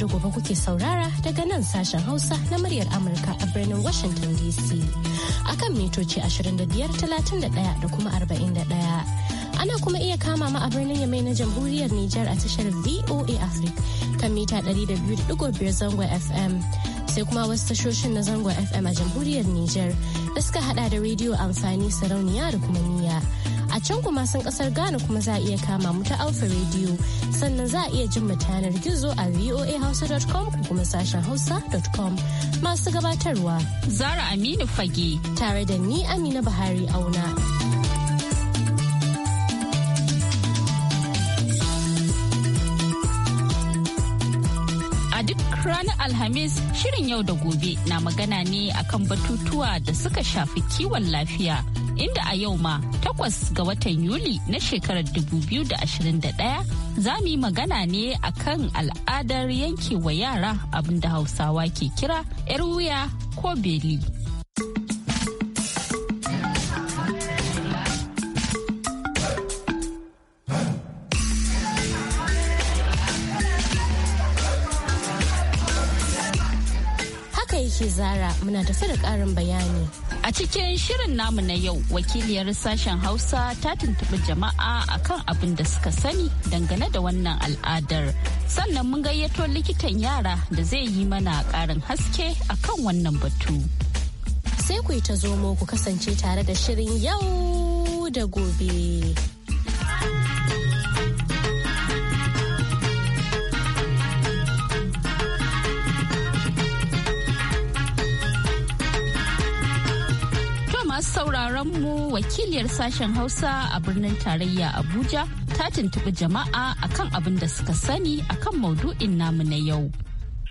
yau da gobe kuke saurara daga nan sashen Hausa na muryar Amurka a birnin Washington DC. a kan mitoci 25,31 da kuma 41. Ana kuma iya kama ma a birnin Yamai na Jamhuriyar Nijar a tashar VOA Africa kan mita 200.5 zangon FM. Sai kuma wasu tashoshin na zangon FM a Jamhuriyar Nijar da suka hada da rediyo amfani sarauniya da kuma a can kuma sun kasar Ghana kuma za a iya kama mu ta Alpha Radio sannan za a iya jin ta yanar gizo a voahausa.com ko kuma sashen hausa.com masu gabatarwa Zara Aminu Fage tare da ni Amina Buhari Auna. ranar Alhamis shirin yau da gobe na magana ne akan batutuwa da suka shafi kiwon lafiya inda a yau ma takwas ga watan Yuli na shekarar 2021 za mu yi magana ne a kan al'adar yankewa yara abinda Hausawa ke kira 'yar wuya ko beli. yake zara muna tafi da ƙarin bayani. A cikin shirin namu na yau wakiliyar sashen Hausa ta tuntuɓi jama'a akan abin da suka sani dangane da wannan al'adar. Sannan mun gayyato likitan yara da zai yi mana ƙarin haske akan wannan batu. Sai ku yi ta zomo ku kasance tare da shirin yau da gobe. sauraron mu wakiliyar sashen Hausa a birnin tarayya Abuja ta tuntuɓi jama'a akan abin da suka sani akan maudu'in namu na yau.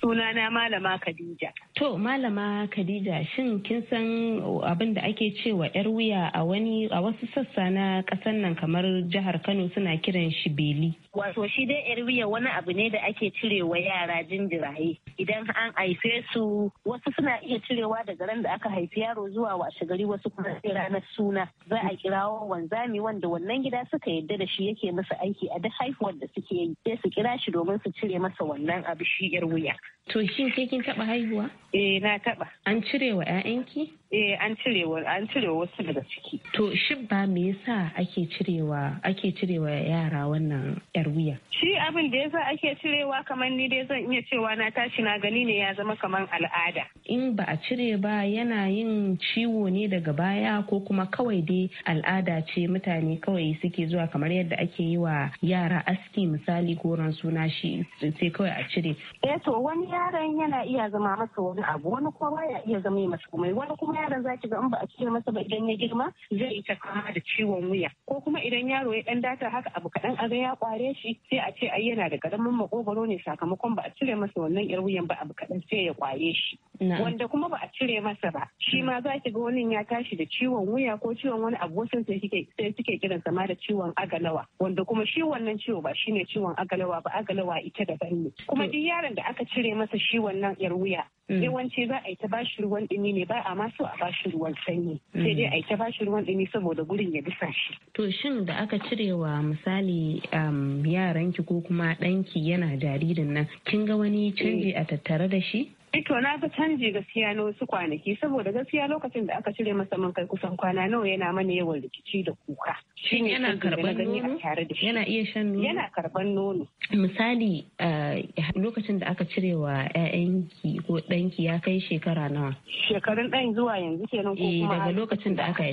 Sunana Malama Khadija. To malama Khadija shin kin san abin da ake cewa yar wuya a wani a wasu sassa na kasan nan kamar jihar Kano suna kiran shi beli. Wato shi dai yar wuya wani abu ne da ake cire wa yara jinjiraye idan an haife su wasu suna iya cirewa daga ran da aka haifi yaro zuwa washe gari wasu kuma sai ranar suna za a kirawo wanzami wanda wannan gida suka yadda da shi yake masa aiki a duk haihuwar da suke yi sai su kira shi domin su cire masa wannan abu shi yar wuya. To shin ke kin taɓa haihuwa? Eh na taba. An cire wa 'ya'yanki? eh an cirewa an cirewa wasu daga ciki to shin ba me yasa ake cirewa ake cirewa yara wannan yar wuya shi abin da yasa ake cirewa kamar ni dai zan iya cewa na tashi na gani ne ya zama kamar al'ada in ba a cire ba yana yin ciwo ne daga baya ko kuma kawai dai al'ada ce mutane kawai suke zuwa kamar yadda ake yi wa yara aski misali goron suna shi sai kawai a cire eh to wani yaron yana iya zama masa wani abu wani kuma ya iya zama masa komai wani kuma yaron ki ga in ba a cire masa ba idan ya girma zai yi ta kama da ciwon wuya ko kuma idan yaro ya dan data haka abu kaɗan a ga ya kware shi sai a ce ai yana da karamin makogoro ne sakamakon ba a cire masa wannan yar wuyan ba abu kaɗan sai ya kware shi wanda kuma ba a cire masa ba shi ma za ki ga wani ya tashi da ciwon wuya ko ciwon wani abu wasu sai suke sai suke kiran sama da ciwon agalawa wanda kuma shi wannan ciwo ba shine ciwon agalawa ba agalawa ita daban ne kuma duk yaron da aka cire masa shi wannan yar wuya Mm. yawanci za a yi ta bashi ruwan dumi ne ba a ma so a bashi ruwan sanyi sai dai mm. a yi ta bashi ruwan dumi saboda gurin ya bisa shi to shin da aka cirewa misali um, yaranki ko kuma ɗanki yana jaririn nan kin ga wani canji eh. a tattare da shi Eh, to na ga canji gaskiya na wasu kwanaki saboda gaskiya lokacin da aka cire masa man kai kusan kwana nawa yana mana yawan rikici da kuka. Shin yana karban nono? Yana iya shan nono? Yana karban nono. Misali eh, lokacin da aka cire wa 'ya'yanki ko ɗanki ya kai shekara nawa? Shekarun ɗan zuwa yanzu kenan ko eh, kuma daga lokacin da aka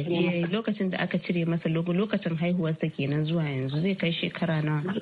lokacin da aka cire masa lokacin haihuwarsa kenan zuwa yanzu zai kai shekara nawa?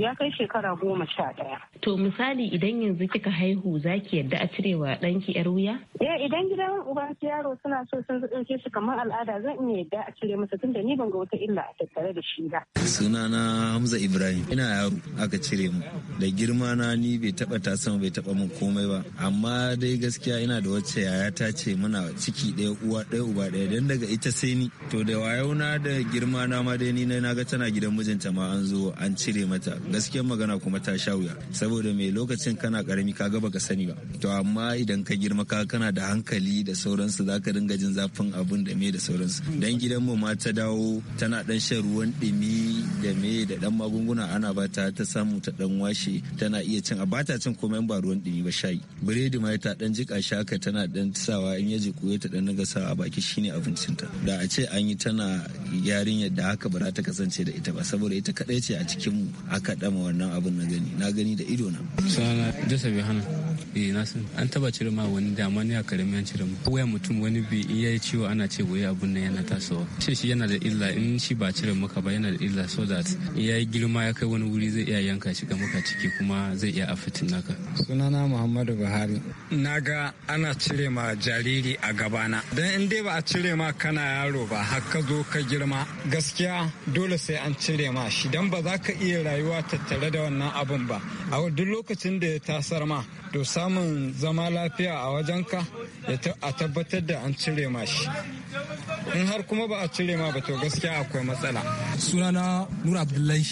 ya kai shekara goma sha ɗaya. To misali idan yanzu kika haihu zaki ki yadda a cirewa ɗanki yar wuya? Eh idan gidan uba yaro suna so sun ɗauke shi kamar al'ada zan iya yadda a cire masa tunda ni ban ga wata illa a tattare da shi ba. Sunana Hamza Ibrahim ina yaro aka cire mu da girma na ni bai taɓa tasan bai taɓa mun komai ba amma dai gaskiya ina da wacce yaya ta ce muna ciki ɗaya uwa ɗaya uba ɗaya dan daga ita sai ni to da wayo na da girma na ma dai ni na ga tana gidan mijinta ma an zo an cire mata gaskiyar magana kuma ta sha wuya saboda mai lokacin kana karami ka gaba ka sani ba to amma idan ka girma ka kana da hankali da sauransu za ka dinga jin zafin abin da me da sauransu dan gidan mu ma ta dawo tana dan shan ruwan dumi da me da dan magunguna ana ba ta ta samu ta dan washe tana iya cin a bata cin komai ba ruwan dumi ba shayi biredi ma ta dan jika shaka tana dan sawa in ya jiku ta dan naga sawa baki shine abincinta da a ce an yi tana yarinyar da haka ba za ta kasance da ita ba saboda ita kadai ce a cikin mu aka dama wannan abin na gani na gani da ido na sana jasa hana eh na san an taba cire ma wani da a karami an cire mu waya mutum wani bi iya ciwo ana ce wai abun nan yana tasowa ce shi yana da illa in shi ba cire maka ba yana da illa so that iya yayi girma ya kai wani wuri zai iya yanka shi ga maka ciki kuma zai iya afitin naka sunana muhammadu buhari na ga ana cire ma jariri a gabana dan in dai ba a cire ma kana yaro ba har ka zo ka girma gaskiya dole sai an cire ma shi dan ba za ka iya rayuwa tattare da wannan abun ba a duk lokacin da ya tasar ma to samun zama lafiya a wajenka a tabbatar da an cire mashi in har kuma ba a cire ma ba to gaskiya akwai matsala sunana nur abdullahi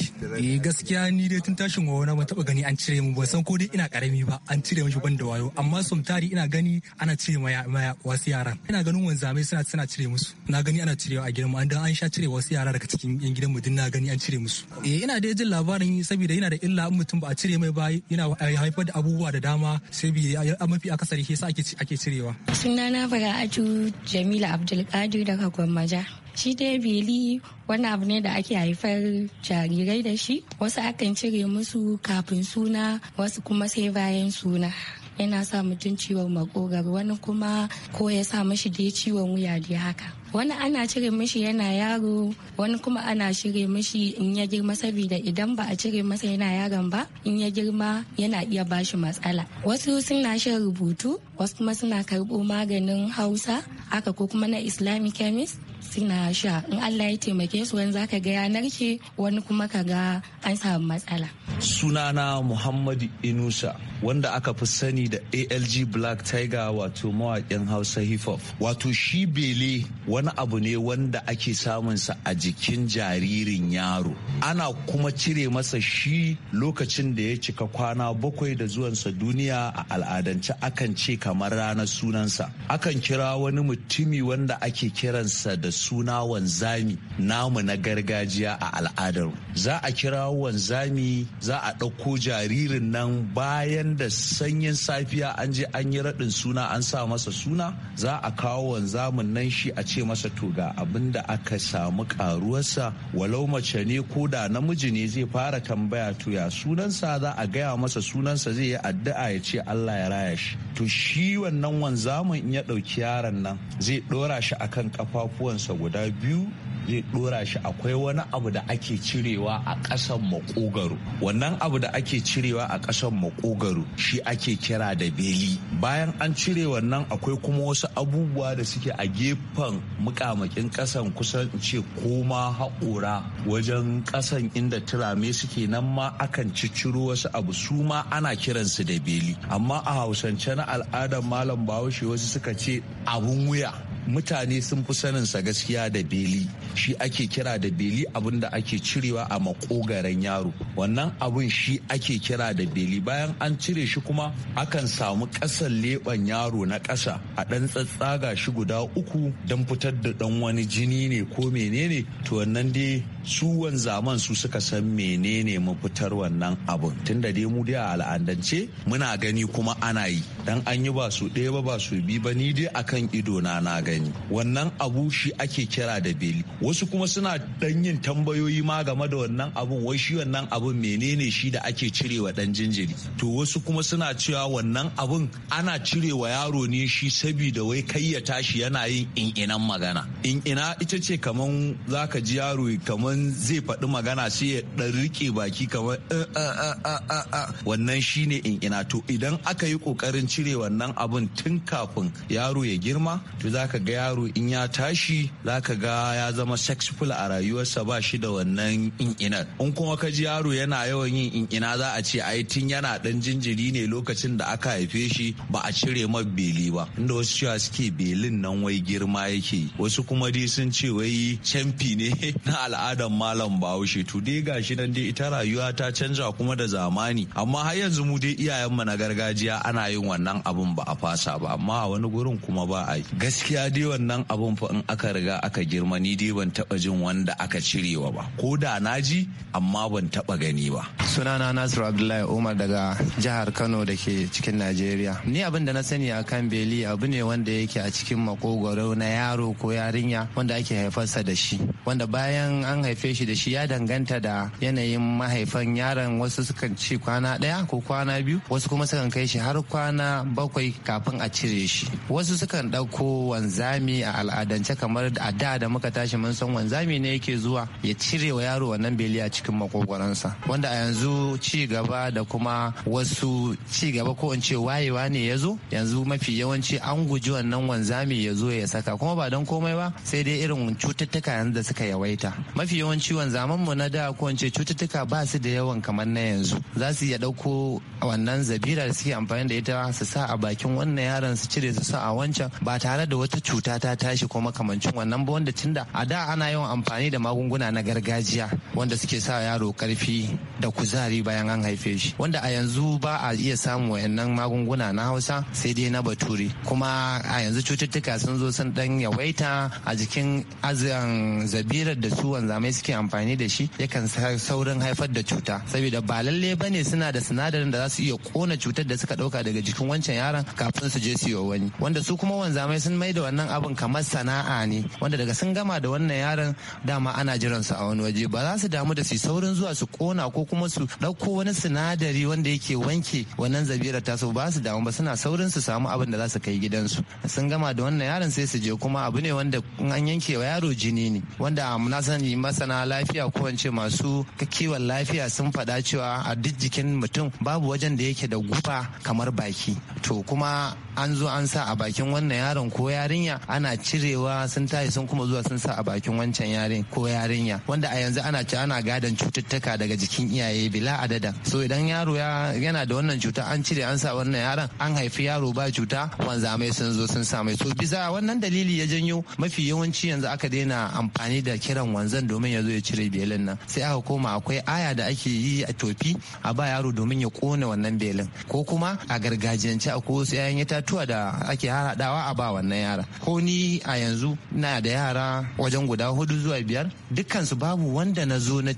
eh gaskiya ni dai tun tashin wa wani taba gani an cire mu ba san ko dai ina karami ba an cire mishi ban da wayo amma somtari ina gani ana cire ma wasu yaran ina ganin wanzamai suna suna cire musu na gani ana cirewa a gidanmu an dan an sha cire wasu yara daga cikin yan mu din na gani an cire musu eh ina dai jin labarin saboda yana da illa in mutum ba a cire mai ba yana haifar da abubuwa da dama sai bi mafi akasari sai ake ake cirewa sunana bara aju jamila abdul Alƙadu daga Gwammaja. Shi dai beli wani abu ne da ake haifar jarirai da shi, wasu akan cire musu kafin suna, wasu kuma sai bayan suna. Yana sa mutum ciwon makogar wani kuma ko ya sa mashi dai ciwon wuya da haka. wani ana cire mishi yana yaro wani kuma ana shirya mishi in ya girma saboda idan ba a cire masa yana yaron ba in ya girma yana iya bashi matsala wasu suna shan rubutu wasu kuma suna karɓo maganin hausa haka ko kuma na islamic chemist suna sha in Allah ya taimake su wani zaka ga ya narke wani kuma ka ga an samu matsala sunana Muhammadu Inusa wanda aka fi sani da ALG Black Tiger wato mawaƙin Hausa hip hop wato shi bele wani abu ne wanda ake samun sa a jikin jaririn yaro ana kuma cire masa shi lokacin da ya cika kwana bakwai da zuwansa duniya a al'adance akan ce kamar ranar sunansa akan kira wani mutumi wanda ake kiransa da su suna wanzami namu na gargajiya a al'adar za a kira wanzami za a ɗauko jaririn nan bayan da sanyin safiya an je an yi raɗin suna an sa masa suna za a kawo wanzamin nan shi a ce masa to ga abin da aka samu karuwarsa walau mace ne ko da namiji ne zai fara tambaya to ya sunansa za a gaya masa sunansa zai yi addu'a ya ce Allah ya raya shi to shi wannan wanzamin in ya ɗauki yaron nan zai ɗora shi a kan kafafuwansa guda biyu zai ɗora shi akwai wani abu da ake cirewa a ƙasan makogaro wannan abu da ake cirewa a ƙasan makogaro shi ake kira da beli bayan an cire wannan akwai kuma wasu abubuwa da suke a gefen mukamakin ƙasan kusan ce koma haƙora wajen ƙasan inda turame suke nan ma akan cicciro wasu abu su ma ana kiransu da beli amma a hausance na al'adar malam bahaushe wasu suka ce abun wuya mutane sun fi saninsa gaskiya da beli shi ake kira da beli abin da ake cirewa a makogaren yaro wannan abun shi ake kira da beli bayan an cire shi kuma akan samu ƙasan leɓen yaro na ƙasa a ɗan tsatsaga shi guda uku don fitar da ɗan wani jini ne ko menene to wannan dai su wanzaman su suka san menene mafitar wannan abun tunda da mu dai a al'adance muna gani kuma ana yi dan an yi ba su ɗaya ba ba su bi ba ni dai akan ido na na gani wannan abu shi ake kira da beli wasu kuma suna dan yin tambayoyi ma game da wannan abun wai shi wannan abun menene shi da ake cirewa dan jinjiri to wasu kuma suna cewa wannan abun ana cirewa yaro ne shi sabida wai kai ya tashi yana yin in magana in ina ita ce kaman zaka ji yaro kaman kamar zai faɗi magana sai ya ɗan rike baki kamar eh, eh, eh, wannan shine in ina to idan aka yi ƙoƙarin cire wannan abun tun kafin yaro ya girma to za ka ga yaro in ya tashi za ka ga ya zama sexful a rayuwarsa ba shi da wannan in ina in kuma ka ji yaro yana yawan yin in ina za a ce ai tun yana ɗan jinjiri ne lokacin da aka haife shi ba a cire ma beli ba inda wasu cewa suke belin nan wai girma yake wasu kuma dai sun ce wai camfi ne na al'ada adam malam bahaushe to dai gashi nan dai ita rayuwa ta canza kuma da zamani amma har yanzu mu dai iyayenmu na gargajiya ana yin wannan abun ba a fasa ba amma a wani gurin kuma ba a yi gaskiya dai wannan abun fa in aka riga aka girma ni dai ban taba jin wanda aka cirewa ba ko da na ji amma ban taba gani ba sunana nasiru abdullahi umar daga jihar kano da ke cikin najeriya ni abin da na sani a kan beli abu ne wanda yake a cikin makogwaro na yaro ko yarinya wanda ake haifarsa da shi wanda bayan an haife shi da shi ya danganta da yanayin mahaifan yaron wasu sukan ci kwana ɗaya ko kwana biyu wasu kuma sukan kai shi har kwana bakwai kafin a cire shi wasu sukan ɗauko wanzami a al'adance kamar a da da muka tashi mun san wanzami ne yake zuwa ya cire wa yaro wannan beli a cikin makogwaransa wanda a yanzu ci gaba da kuma wasu ci gaba ko in ce wayewa ne ya zo yanzu mafi yawanci an guji wannan wanzami ya zo ya saka kuma ba don komai ba sai dai irin cututtuka yanzu da suka yawaita mafi yawanci wanzaman mu na da ko cututtuka ba su da yawan kamar na yanzu za su iya ɗauko wannan zabira da suke amfani da ita su sa a bakin wannan yaron su cire su sa a wancan ba tare da wata cuta ta tashi ko makamancin wannan ba wanda tunda a da ana yawan amfani da magunguna na gargajiya wanda suke sa yaro karfi da kuzari bayan an haife shi wanda a yanzu ba a iya samun wayannan magunguna na hausa sai dai na bature kuma a yanzu cututtuka sun zo sun dan yawaita a jikin azan zabirar da su wanzamai malamai suke amfani da shi yakan saurin haifar da cuta saboda ba lalle bane suna da sinadarin da za su iya kona cutar da suka dauka daga jikin wancan yaran kafin su je su yi wani wanda su kuma wanzamai sun mai da wannan abin kamar sana'a ne wanda daga sun gama da wannan yaron dama ana jiran su a wani waje ba za su damu da su saurin zuwa su kona ko kuma su dauko wani sinadari wanda yake wanke wannan zabira ta ba su damu ba suna saurin su samu abin da za su kai gidansu sun gama da wannan yaron sai su je kuma abu ne wanda an yanke wa yaro jini ne wanda um, na sani masana lafiya ko in masu kiwon lafiya sun faɗa cewa a duk jikin mutum babu wajen da yake da gufa kamar baki to kuma an zo an sa a bakin wannan yaron ko yarinya ana cirewa sun tashi sun kuma zuwa sun sa a bakin wancan yarin ko yarinya wanda a yanzu ana ci ana gadon cututtuka daga jikin iyaye bila adada so idan yaro ya yana da wannan cuta an cire an sa wannan yaron an haifi yaro ba cuta wanzamai sun zo sun sa mai so bisa wannan dalili ya janyo mafi yawanci yanzu aka daina amfani da kiran wanzan domin ya zo ya cire belin nan sai aka koma akwai aya da ake yi a tofi a ba yaro domin ya kona wannan belin ko kuma a gargajiyance akwai wasu 'ya'yan itatu batutuwa da ake haɗawa a ba wannan yara ko ni a yanzu na da yara wajen guda hudu zuwa biyar dukkansu babu wanda na zo na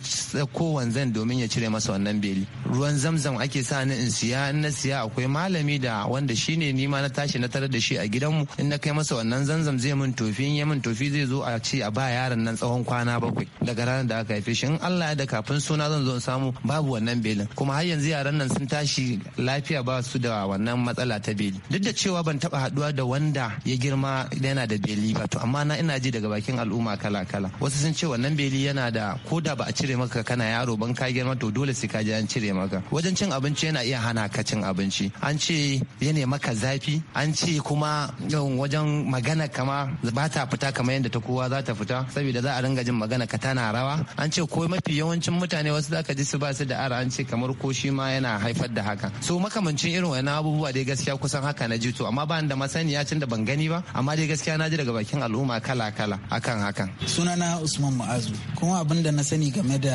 ko wanzan domin ya cire masa wannan beli ruwan zamzam ake sa ni in siya in na siya akwai malami da wanda shine ni ma na tashi na tarar da shi a gidanmu in na kai masa wannan zamzam zai min tofi in ya min tofi zai zo a ce a ba yaran nan tsawon kwana bakwai daga ranar da aka haife shi in Allah ya da kafin suna zan zo in samu babu wannan belin kuma har yanzu yaran nan sun tashi lafiya ba su da wannan matsala ta beli duk da da cewa ban taba haduwa da wanda ya girma yana da beli ba to amma na ina ji daga bakin al'umma kala kala wasu sun ce wannan beli yana da ko da ba a cire maka kana yaro ban ka girma to dole sai ka je an cire maka wajen cin abinci yana iya hana ka cin abinci an ce yana maka zafi an ce kuma um, wajen magana kama ba ta fita kamar yadda ta kowa za ta fita saboda za a ringa jin magana ka tana rawa an ce ko mafi yawancin mutane wasu zaka ji su ba su da ara an ce kamar ko shi ma yana haifar da haka so makamancin irin wani abubuwa dai gaskiya kusan haka na je to amma ba da masaniya tun da ban gani ba amma dai gaskiya na ji daga bakin al'umma kala kala akan hakan sunana usman ma'azu kuma abin da na sani game da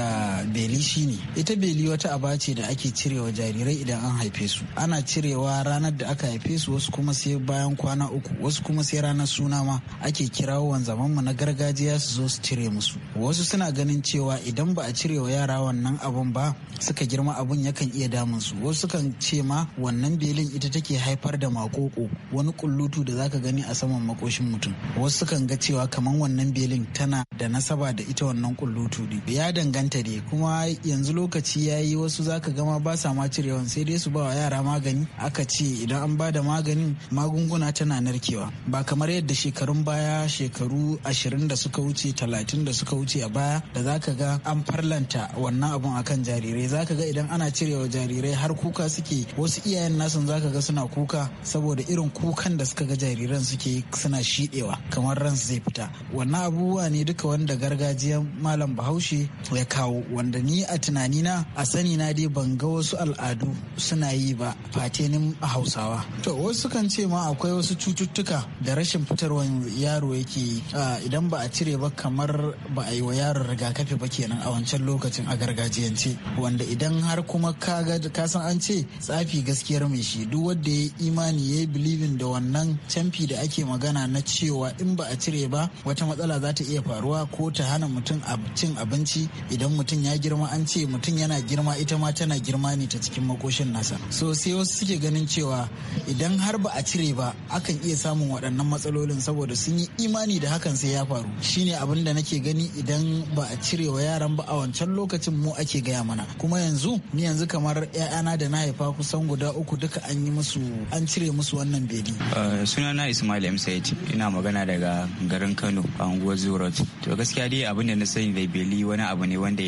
beli shine ita beli wata aba ce da ake cirewa jarirai idan an haife su ana cirewa ranar da aka haife su wasu kuma sai bayan kwana uku wasu kuma sai ranar suna ma ake kirawo wanzaman mu na gargajiya su zo su cire musu wasu suna ganin cewa idan ba a cirewa yara wannan abun ba suka girma abun yakan iya damun su wasu kan ce ma wannan belin ita take haifar da mako koko wani kullutu da zaka gani a saman makoshin mutum wasu kan ga cewa kamar wannan belin tana da nasaba da ita wannan kullutu ne ya danganta dai kuma yanzu lokaci ya yi wasu zaka gama ba sa ma cirewan sai dai su ba wa yara magani aka ce idan an ba da maganin magunguna tana narkewa ba kamar yadda shekarun baya shekaru ashirin da suka wuce talatin da suka wuce a baya da zaka ga an farlanta wannan abun akan jarirai zaka ga idan ana cirewa jarirai har kuka suke wasu iyayen nasun zaka ga suna kuka saboda saboda irin kukan da suka ga jariran suke suna shiɗewa kamar ran zai fita wannan abubuwa ne duka wanda gargajiyan malam bahaushe ya kawo wanda ni a tunanina a sani na dai ban ga wasu al'adu suna yi ba fatenin hausawa to wasu kan ce ma akwai wasu cututtuka da rashin fitarwar yaro yake idan ba a cire ba kamar ba a yi wa yaro rigakafi ba kenan a wancan lokacin a gargajiyance wanda idan har kuma ka san an ce tsafi gaskiyar mai shi duk wanda ya imani ya yi bilibin da wannan camfi da ake magana na cewa in ba a cire ba wata matsala za ta iya faruwa ko ta hana mutum cin abinci idan mutum ya girma an ce mutum yana girma ita ma tana girma ne ta cikin makoshin nasa so sai wasu suke ganin cewa idan har ba a cire ba akan iya samun waɗannan matsalolin saboda sun yi imani da hakan sai ya faru shine abin da nake gani idan ba a cire wa yaran ba a wancan lokacin mu ake gaya mana kuma yanzu ni yanzu kamar 'ya'yana da na haifa kusan guda uku duka an yi musu an cire musu musu wannan beli. Eh, sunana Ismail M. ina magana daga garin Kano a unguwar Zurot. To gaskiya dai abin da na sani da beli wani abu ne wanda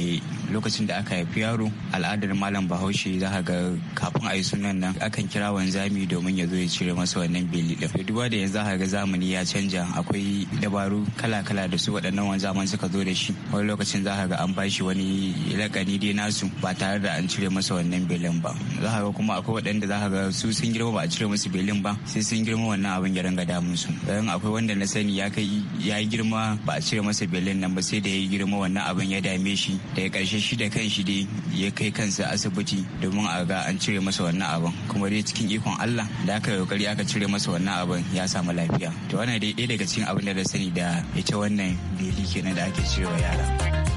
lokacin da aka haifi yaro al'adar malam Bahaushe za ka ga kafin a yi sunan nan akan kira wanzami domin ya zo ya cire masa wannan beli din. To duba da yanzu za ga zamani ya canja akwai dabaru kala-kala da su waɗannan wanzaman suka zo da shi. Wani lokacin za ga an bashi wani lakani dai nasu ba tare da an cire masa wannan belin ba. Za ga kuma akwai waɗanda za ka ga su sun girma ba a cire musu beli kullum ba sai sun girma wannan abin ya ranga damun su don akwai wanda na sani ya kai ya girma ba a cire masa belin nan ba sai da ya girma wannan abin ya dame shi da ya karshe shi da kanshi dai ya kai kansa asibiti domin a ga an cire masa wannan abin kuma dai cikin ikon Allah da aka yi kokari aka cire masa wannan abin ya samu lafiya to wannan dai ɗaya daga cikin abin da na sani da ita wannan beli kenan da ake cirewa yara.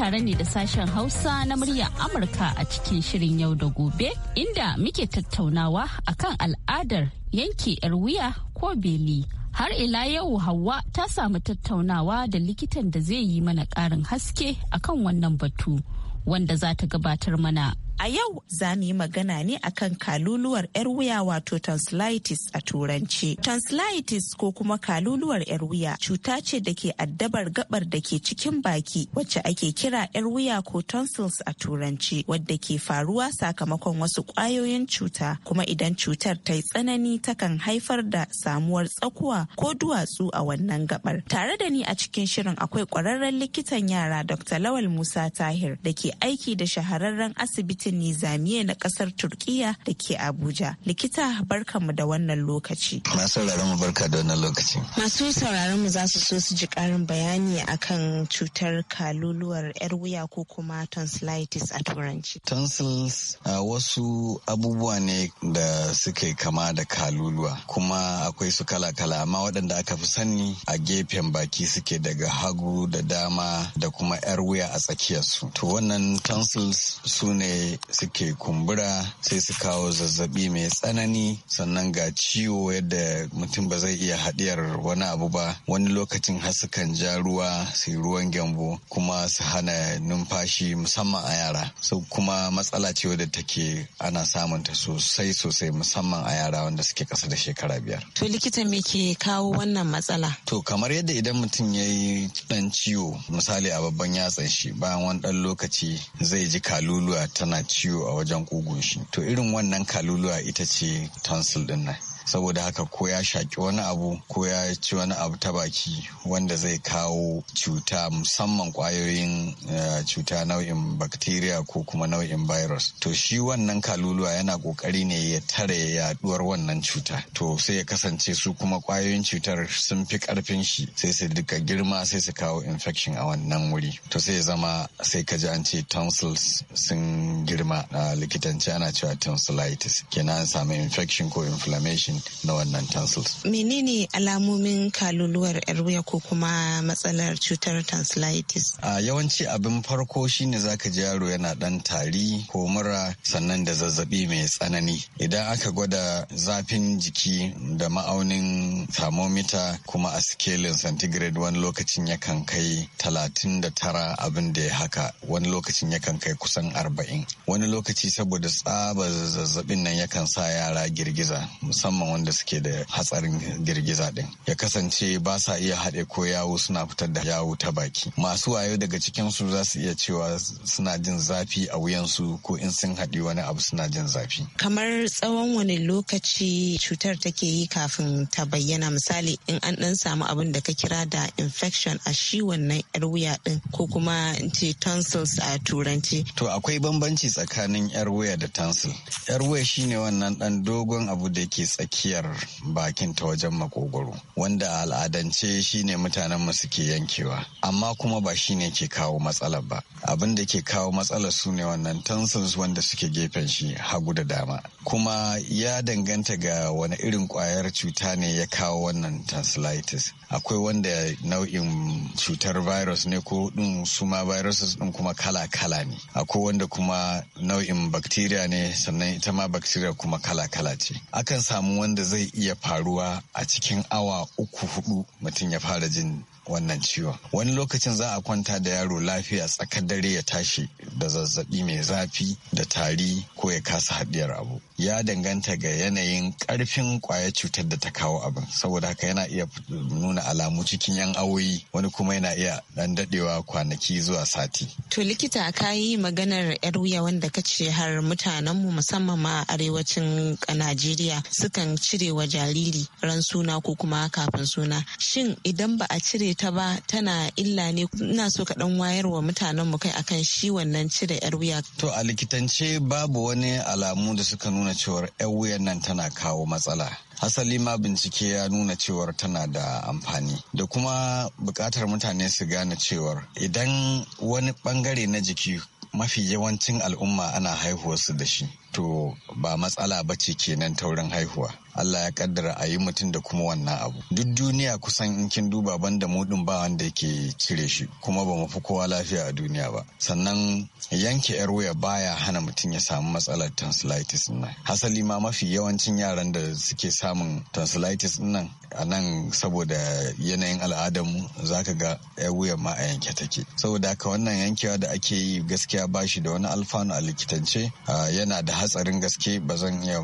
tare ne da sashen Hausa na murya Amurka a cikin shirin yau da gobe inda muke tattaunawa akan al'adar yanke 'yar wuya ko beli. Har ila yau Hauwa ta samu tattaunawa da likitan da zai yi mana ƙarin haske akan wannan batu wanda za ta gabatar mana. A yau za mu yi magana ne akan kaluluwar 'yar wuya wato tonsillitis a turanci. Tonsillitis ko kuma kaluluwar 'yar wuya cuta ce da ke addabar gabar da ke cikin baki wacce ake kira 'yar wuya ko tonsils a turanci wadda ke faruwa sakamakon wasu ƙwayoyin cuta kuma idan cutar ta yi tsanani takan haifar da samuwar tsakuwa ko duwatsu a wannan gabar. Tare da ni a cikin shirin akwai ƙwararren likitan yara Dr. Lawal Musa Tahir da ke aiki da shahararren asibitin asibitin nizamiya na kasar turkiya da ke abuja likita barkanmu da wannan lokaci masu sauraron mu barka da wannan lokaci masu sauraron mu za su so su ji karin bayani akan cutar kaluluwar yar wuya ko kuma tonsillitis a turanci tonsils a wasu abubuwa ne da suke kama da kaluluwa kuma akwai su kala-kala amma waɗanda aka fi sani a gefen baki suke daga hagu da dama da kuma yar wuya a tsakiyarsu to wannan tonsils su ne suke kumbura sai su kawo zazzabi mai tsanani sannan ga ciwo yadda mutum ba zai iya haɗiyar wani abu ba wani lokacin har sukan ja ruwa su ruwan gyambo kuma su hana numfashi musamman a yara so kuma matsala ce wadda take ana samun ta sosai sosai musamman a yara wanda suke kasa da shekara biyar to likita me ke kawo wannan matsala to kamar yadda idan mutum ya yi dan ciwo misali a babban yatsan shi bayan wani dan lokaci zai ji kaluluwa tana ciwo a wajen kugun shi to irin wannan kaluluwa ita ce tonsil din nan saboda haka ko ya shaki wani abu ko ya ci wani abu ta baki wanda zai kawo cuta musamman kwayoyin eh, cuta nau'in bacteria ko kuma nau'in virus to shi wannan kaluluwa yana kokari ne ya tare yaduwar wannan cuta to sai ya kasance su kuma kwayoyin cutar sun fi karfin shi sai su duka girma sai su kawo infection a wannan wuri to sai ya zama sai ka ji an ce tonsils sun girma a likitanci ana cewa tonsillitis kenan an samu infection ko inflammation infection na wannan tonsils. Menene alamomin kaluluwar wuya ko kuma matsalar cutar tonsillitis? A yawanci abin farko shine zaka ji yaro yana dan tari ko mura sannan da zazzabi mai tsanani. Idan aka gwada zafin jiki da ma'aunin thermometer kuma a sikelin centigrade wani lokacin yakan kai talatin da tara abin da ya haka wani lokacin yakan kai kusan arba'in wani lokaci saboda tsaba zazzabin nan yakan sa yara girgiza musamman musamman wanda suke da hatsarin girgiza din ya kasance ba sa iya haɗe ko yawo suna fitar da yawo ta baki masu wayo daga cikin su za su iya cewa suna jin zafi a wuyansu ko in sun haɗi wani abu suna jin zafi kamar tsawon wani lokaci cutar take yi kafin ta bayyana misali in an ɗan samu abin da ka kira da infection a shi wannan yar wuya din ko kuma in ce tonsils a turanci to akwai bambanci tsakanin yar wuya da tonsil yar wuya shine wannan dan dogon abu da ke tsaki tsakiyar bakin ta wajen makogoro wanda al'adance shine mutanen mu suke yankewa amma kuma ba shine ke kawo matsalar ba abin da ke kawo matsalar su ne wannan tonsils wanda suke gefen shi hagu da dama kuma ya danganta ga wani irin kwayar cuta ne ya kawo wannan tonsillitis akwai wanda nau'in cutar virus ne ko din su ma viruses din kuma kala-kala ne akwai wanda kuma nau'in bacteria ne sannan ita ma bacteria kuma kala-kala ce akan samu wanda zai iya faruwa a cikin awa uku hudu mutum ya fara jin wannan ciwon wani lokacin za a kwanta da yaro lafiya tsakar dare ya tashi da zazzabi mai zafi da tari ko ya kasa haɗiyar abu ya danganta ga yanayin ƙarfin ƙwaya cutar da ta kawo abin saboda haka yana iya nuna alamu cikin yan awoyi wani kuma yana iya ɗan daɗewa kwanaki zuwa sati to likita ka yi maganar yar wuya wanda ka ce har mutanen mu musamman ma a arewacin najeriya sukan cire wa jariri ran suna ko kuma kafin suna shin idan ba a cire ita ba tana illa ne ina so ka dan wayar wa mutanen mu kai akan shi wannan cire yar wuya to a likitance babu wani alamu da suka nuna cewar yar wuyan nan tana kawo matsala asali ma bincike ya nuna cewar tana da amfani da kuma bukatar mutane su gane cewar idan wani bangare na jiki mafi yawancin al'umma ana haihuwarsu da shi to ba matsala ba ce kenan taurin haihuwa Allah ya kaddara a yi mutum da kuma wannan abu duk duniya kusan in kin duba banda mudin ba wanda yake cire shi kuma ba fi kowa lafiya a duniya ba sannan yanke yar wuya baya hana mutum ya samu matsalar tonsillitis nan hasali ma mafi yawancin yaran da suke samun tonsillitis nan a nan saboda yanayin al'adar al'adarmu zaka ga yar wuya ma a yanke take saboda ka wannan yankewa da ake yi gaskiya bashi da wani alfanu a likitance yana da hatsarin gaske ba zan iya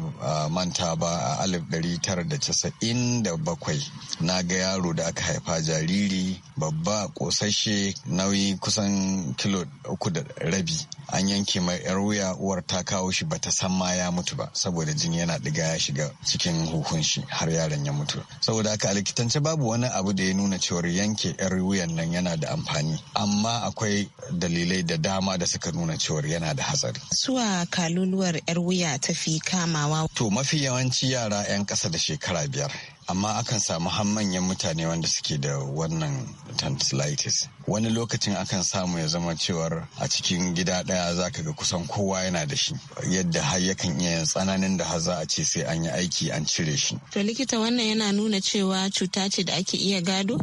manta ba a alif bakwai na ga yaro da aka haifa jariri babba kosashe nauyi kusan kilo uku da rabi an yanke mai yar wuya uwar ta kawo shi bata san ma ya mutu ba saboda jini yana diga ya shiga cikin huhun shi har yaron ya mutu saboda haka a likitance babu wani abu da ya nuna cewar yanke yar wuyan nan yana da amfani amma akwai dalilai da dama da suka nuna cewar yana da hatsari suwa kaluluwar 'yar wuya ta fi kamawa. To mafi yawanci yara 'yan ƙasa da shekara biyar amma akan samu har manyan mutane wanda suke da wannan tonsillitis wani lokacin akan samu ya zama cewar a cikin gida daya zaka ga kusan kowa yana da shi yadda har yakan iya tsananin da har za a ce sai an yi aiki an cire shi to likita wannan yana nuna cewa cuta ce da ake iya gado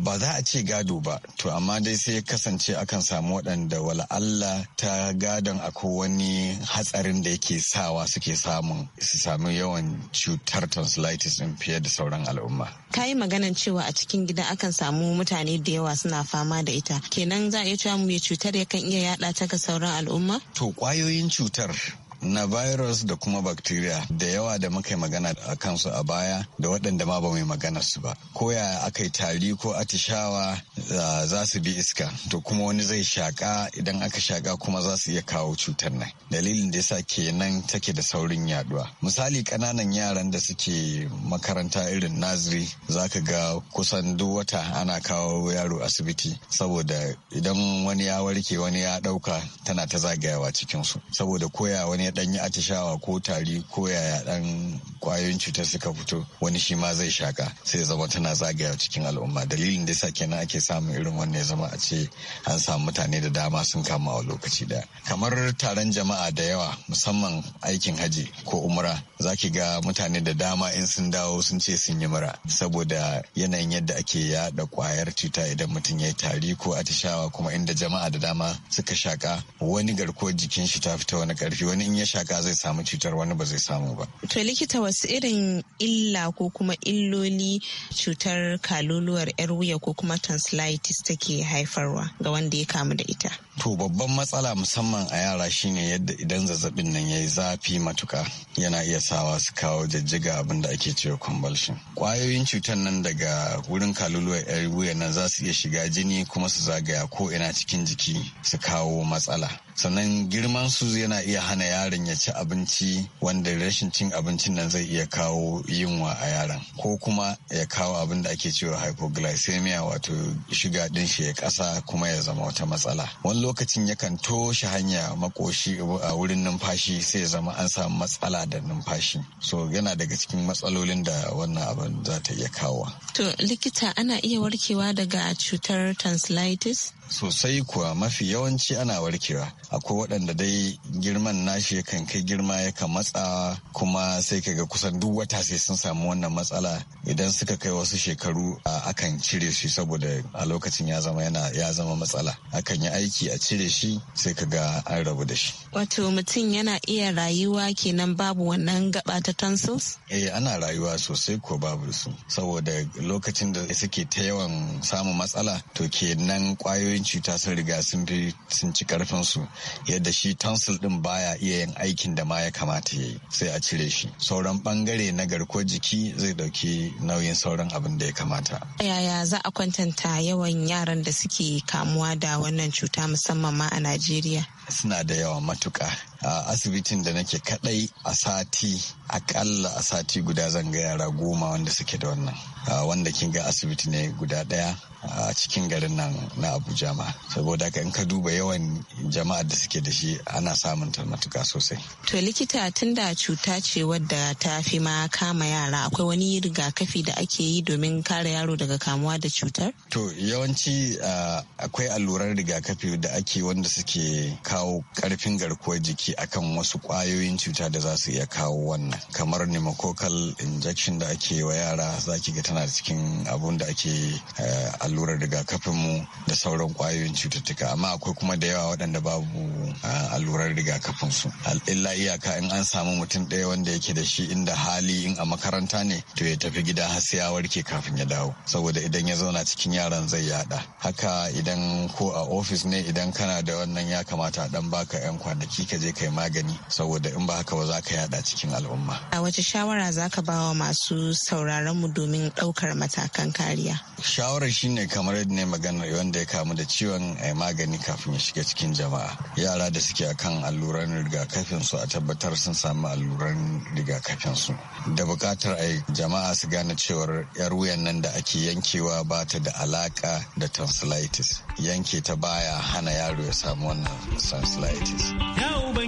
ba za a ce gado ba to amma dai sai ya kasance akan samu waɗanda wala Allah ta gadon akwai wani hatsarin da yake sawa suke samun su sami yawan cutar tonsillitis din fiye da sauran sauran al'umma. Ka yi maganan cewa a cikin gida akan samu mutane da yawa suna fama da ita. Kenan za a iya cewa mai cutar yakan iya yaɗa ta ga sauran al'umma? To kwayoyin cutar na virus da kuma bacteria da yawa da muka yi magana a kansu a baya da waɗanda ma ba yi magana su ba ko ya aka yi tari ko atishawa za su bi iska to kuma wani zai shaka idan aka shaka kuma za su iya kawo cutar nan dalilin da yasa kenan take da saurin yaduwa misali ƙananan yaran da suke makaranta irin naziri za ka ga kusan duk wata ana kawo yaro asibiti saboda idan wani ya warke wani ya ɗauka tana ta zagayawa cikinsu saboda koya wani ya dan yi atishawa ko tari ko yaya dan kwayoyin cutar suka fito wani shi ma zai shaka sai zama tana zagaya cikin al'umma dalilin da yasa kenan ake samun irin wannan ya zama a ce an samu mutane da dama sun kama a lokaci daya kamar taron jama'a da yawa musamman aikin haji ko umra zaki ga mutane da dama in sun dawo sun ce sun yi mura saboda yanayin yadda ake yada kwayar cuta idan mutum ya yi tari ko atishawa kuma inda jama'a da dama suka shaka wani garkuwar jikin shi ta fita wani karfi wani in ya shaka zai samu cutar wani ba zai samu ba. To likita wasu irin illa ko kuma illoli cutar kaluluwar yar wuya ko kuma tonsillitis take haifarwa ga wanda ya kamu da ita. To babban matsala musamman a yara shine yadda idan zazzabin nan ya yi zafi matuka yana iya sawa su kawo jijjiga abin da ake cewa convulsion. Kwayoyin cutar nan daga wurin kaluluwar yar wuya nan za su iya shiga jini kuma su zagaya ko ina cikin jiki su kawo matsala. Sannan girman su yana iya hana yara yaron ya ci abinci wanda rashin cin abincin nan zai iya kawo yunwa a yaron ko kuma ya kawo abin da ake cewa hypoglycemia wato shiga din shi ya kasa kuma ya zama wata matsala wani lokacin yakan toshe hanya makoshi a wurin numfashi sai ya zama an samu matsala da numfashi so yana daga cikin matsalolin da wannan abin za ta iya kawo to likita ana iya warkewa daga cutar tonsillitis sosai kuwa mafi yawanci ana warkewa akwai waɗanda dai girman nashi kan kai girma ya kan matsa kuma sai kaga kusan duk wata sai sun samu wannan matsala idan suka kai wasu shekaru a akan cire shi saboda a lokacin ya zama yana ya zama matsala akan yi aiki a cire shi sai kaga an rabu da shi wato mutum yana iya rayuwa kenan babu wannan gaba ta tonsils eh ana rayuwa sosai ko babu su saboda lokacin da suke ta yawan samun matsala to kenan kwayoyin cuta sun riga sun fi sun ci karfin su yadda shi tonsil din baya iya yin aikin da ma ya kamata ya yi sai a cire shi sauran bangare na garkuwar jiki zai dauki nauyin sauran abin da ya kamata yaya za a kwantanta yawan yaran da suke kamuwa da wannan cuta musamman ma a najeriya suna da yawan matuka a asibitin da nake kadai a sati akalla a sati guda zan ga yara goma wanda suke da wannan wanda kin ga asibiti ne guda daya a cikin garin nan na abuja ma saboda haka in ka duba yawan jama'a da suke da shi ana samun ta matuka sosai to likita tunda cuta ce wadda ta fi ma kama yara akwai wani rigakafi da ake yi domin kare yaro daga kamuwa da cutar to yawanci akwai alluran rigakafi da ake wanda suke kawo karfin garkuwar jiki aiki akan wasu kwayoyin cuta da za su iya kawo wannan kamar pneumococcal injection da ake wa yara za ki ga tana cikin abun da ake eh, allurar rigakafin mu da sauran kwayoyin cututtuka amma akwai kuma da yawa waɗanda babu eh, allurar rigakafin su illa iyaka in an samu mutum ɗaya wanda yake da shi inda hali in a makaranta ne to ya tafi gida har sai ya warke kafin ya dawo saboda idan ya zauna cikin yaran zai yada haka idan ko a ofis ne idan kana da wannan ya kamata a dan baka yan kwanaki ka je kai magani saboda in ba haka ba za ka yada cikin al'umma. A wace shawara za ka ba wa masu sauraron mu domin ɗaukar matakan kariya? Shawarar shine kamar yadda ne magana wanda ya kamu da ciwon magani kafin ya shiga cikin jama'a. Yara da suke akan alluran rigakafin su a tabbatar sun samu alluran rigakafin su. Da buƙatar a jama'a su gane cewar yar wuyan nan da ake yankewa ba ta da alaƙa da tonsillitis. Yanke ta baya hana yaro ya samu wannan tonsillitis.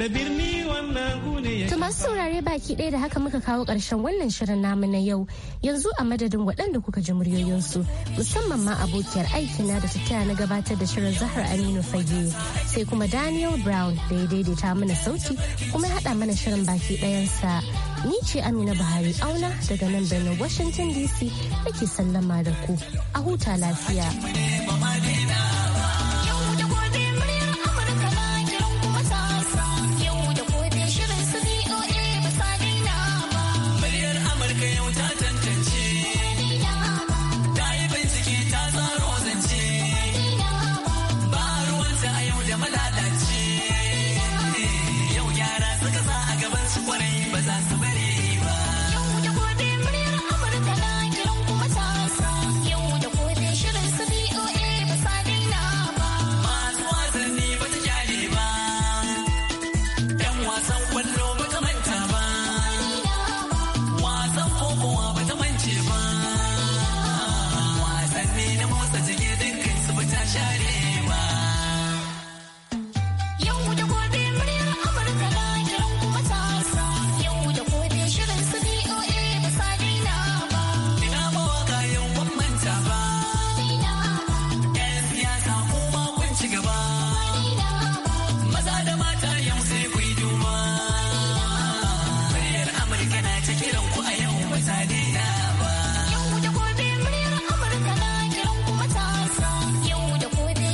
da birni wannan To masu saurare baki ɗaya da haka muka kawo ƙarshen wannan shirin namu na yau yanzu a madadin waɗanda kuka ji muryoyinsu musamman ma abokiyar aikina da tattaya na gabatar da shirin Zahar Aminu Fage sai kuma Daniel Brown da ya daidaita mana sauti kuma ya haɗa mana shirin baki ɗayansa. Ni ce Amina Buhari auna daga nan birnin Washington DC nake sallama da ku a huta lafiya. kwarai ba za su